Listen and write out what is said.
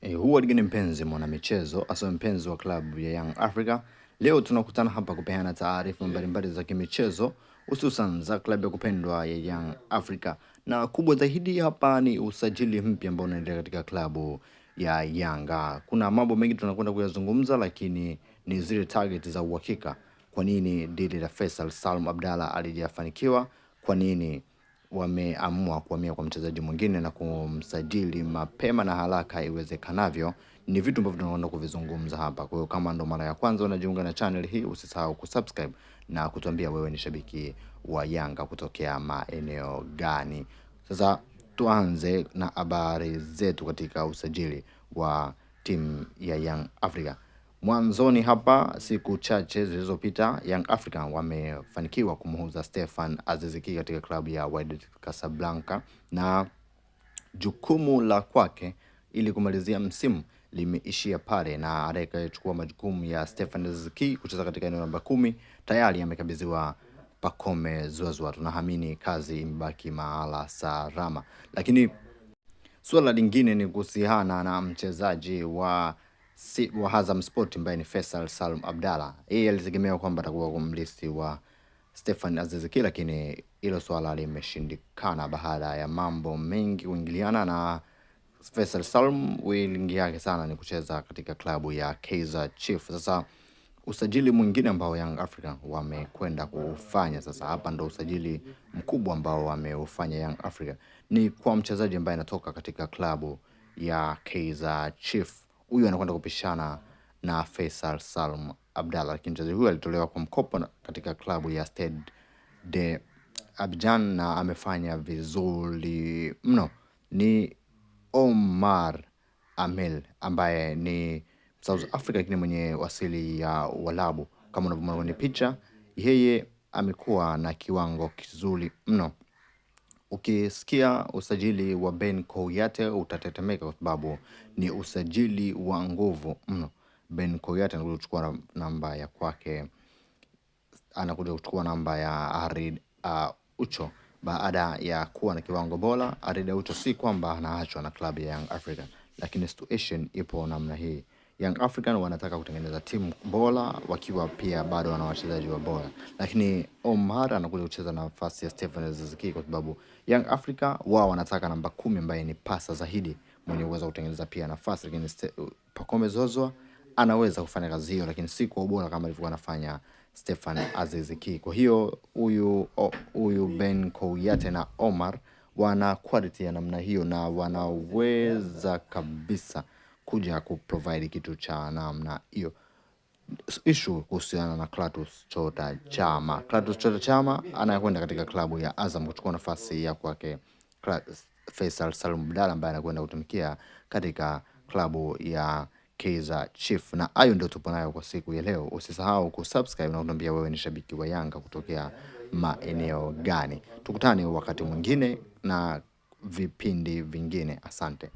E, eh, huwa ligani mpenzi mwanamichezo, hasa mpenzi wa klabu ya Young Africa. Leo tunakutana hapa kupeana taarifa mbalimbali za kimichezo hususan za klabu ya kupendwa ya Young Africa, na kubwa zaidi hapa ni usajili mpya ambao unaendelea katika klabu ya Yanga. Kuna mambo mengi tunakwenda kuyazungumza, lakini ni zile target za uhakika. Kwa nini dili la Faisal Salum Abdalla alijafanikiwa? Kwa nini wameamua kuhamia kwa mchezaji mwingine na kumsajili mapema na haraka iwezekanavyo. Ni vitu ambavyo tunaenda kuvizungumza hapa. Kwa hiyo kama ndo mara ya kwanza unajiunga na channel hii, usisahau kusubscribe na kutuambia wewe ni shabiki wa Yanga kutokea maeneo gani. Sasa tuanze na habari zetu katika usajili wa timu ya Young Africa. Mwanzoni hapa siku chache zilizopita Young African wamefanikiwa kumuuza Stefan Aziziki katika klabu ya Wydad Casablanca, na jukumu la kwake ili kumalizia msimu limeishia pale, na atakayechukua majukumu ya Stefan Aziziki kucheza katika eneo namba kumi tayari amekabidhiwa Pacome zuazua Tunaamini kazi imebaki mahala salama, lakini suala lingine ni kuhusiana na mchezaji wa si wa Azam Sport ambaye ni Faisal Salum Abdalla. Yeye alitegemea kwamba atakuwa mlisti wa Stefan Aziziki, lakini hilo swala limeshindikana baada ya mambo mengi kuingiliana na Faisal Salum. Wingi yake sana ni kucheza katika klabu ya Kaizer Chiefs. Sasa usajili mwingine ambao Young Africa wamekwenda kuufanya sasa, hapa ndo usajili mkubwa ambao wameufanya Young Africa ni kwa mchezaji ambaye anatoka katika klabu ya Kaizer Chiefs huyu anakwenda kupishana na Faisal salm Abdallah, lakini mchezaji huyu alitolewa kwa mkopo katika klabu ya Stade de Abidjan na amefanya vizuri mno. Ni Omar Amel ambaye ni South Africa, lakini mwenye wasili ya walabu Kama unavyoona kwenye picha, yeye amekuwa na kiwango kizuri mno. Ukisikia usajili wa Ben koyate utatetemeka, kwa sababu ni usajili wa nguvu mno. Ben koyate anakuja kuchukua namba ya kwake, anakuja kuchukua namba ya Arid uh, Ucho baada ya kuwa na kiwango bora. Arid Ucho si kwamba anaachwa na klabu ya Young Africa, lakini situation ipo namna hii. Young African wanataka kutengeneza timu bora wakiwa pia bado wana wachezaji wa bora, lakini Omar anakuja kucheza nafasi ya Stephen Ziziki kwa sababu Young Africa wao wanataka namba kumi ambaye ni pasa zaidi mwenye uwezo wa kutengeneza pia nafasi, lakini Pacome Zozo anaweza kufanya kazi hiyo, lakini si kwa ubora kama alivyokuwa anafanya Stephen Aziziki. Kwa hiyo huyu huyu Ben Kouyate na Omar wana quality ya namna hiyo na wanaweza kabisa kuja kuprovide kitu cha namna hiyo. Issue kuhusiana na Clatous Chota Chama. Clatous Chota Chama anakwenda katika klabu ya Azam kuchukua nafasi ya kwake Faisal Salum Abdalla ambaye anakwenda kutumikia katika klabu ya Kaizer Chief. Na hayo ndio tupo nayo kwa siku ya leo. Usisahau kusubscribe na kutuambia wewe ni shabiki wa Yanga kutokea maeneo gani. Tukutane wakati mwingine na vipindi vingine. Asante.